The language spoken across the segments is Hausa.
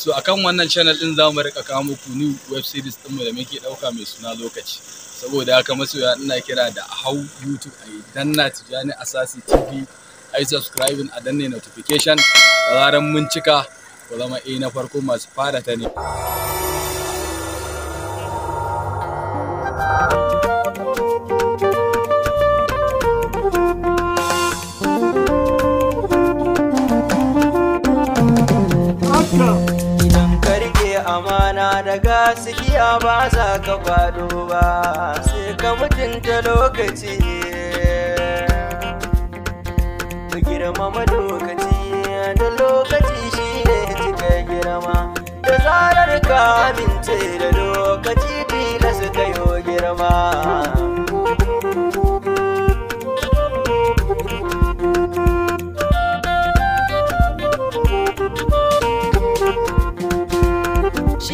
so akan wannan channel din za mu rika kawo muku new web series mu da muke dauka mai suna lokaci saboda haka masoya ina kira da hau youtube a danna tijani asasi tv a yi subscribing a danne notification da zaran mun cika ko zama eh na farko masu fara ta ne daga sikiya ba za ka faɗo ba sai ka mutunta lokaci ka girmama lokaci da lokaci shi ne cika girma da zarar ka amince da lokaci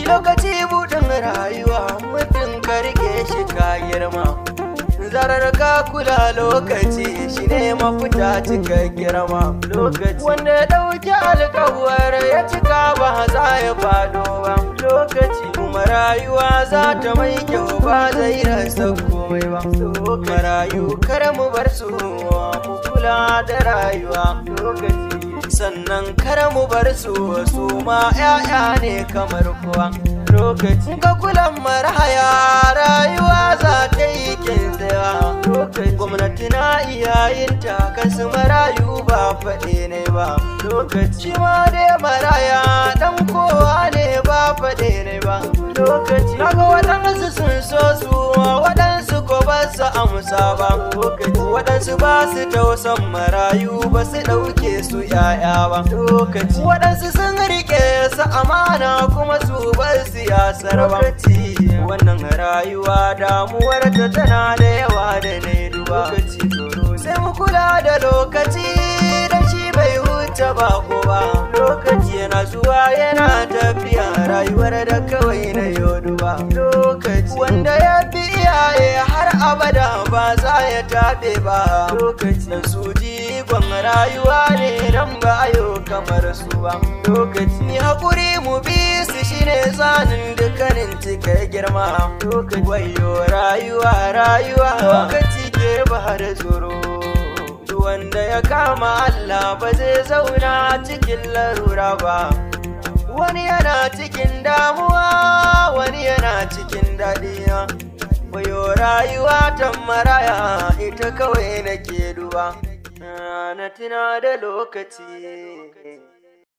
lokaci buɗin rayuwa mutum karke shi ka girma zarar ka kula lokaci shi ne mafita cika girma lokaci wanda ya ɗauki alkawar ya cika ba za ya faɗo ba lokaci kuma rayuwa za ta mai kyau ba zai rasa komai ba rayu kar mu bar su mu kula da rayuwa lokaci sannan kar mu bar su su ma 'ya'ya ne kamar kuwa. lokacin ga kulan marhaya rayuwa za ta yi kintsewa lokacin gwamnati na iyayen yin marayu ba faɗe ne ba lokaci ma dai maraya dan kowa ne ba faɗe ne ba lokaci naga waɗansu sun so su amsa ba waɗansu ba su tausan marayu ba su ɗauke su ‘ya'ya ba lokaci waɗansu sun riƙe su amana kuma su bar siyasar ba wannan rayuwa damuwar ta tana da yawa da na duba sai mu kula da lokaci da shi bai huta ba ko ba lokaci yana zuwa yana tafiya rayuwar da kawai na yodu ba abada ba za ya taɓe ba Lokacin su ji gwan rayuwa ne don bayo kamar su ba Lokacin ni haƙuri mu bi su shine zanin dukkanin cika girma lokacin wayo rayuwa rayuwa lokaci ke bahar tsoro. wanda ya kama Allah ba zai zauna cikin larura ba wani yana cikin damuwa wani yana cikin daɗina. rayuwa ta maraya ita kawai nake duba na tuna da lokaci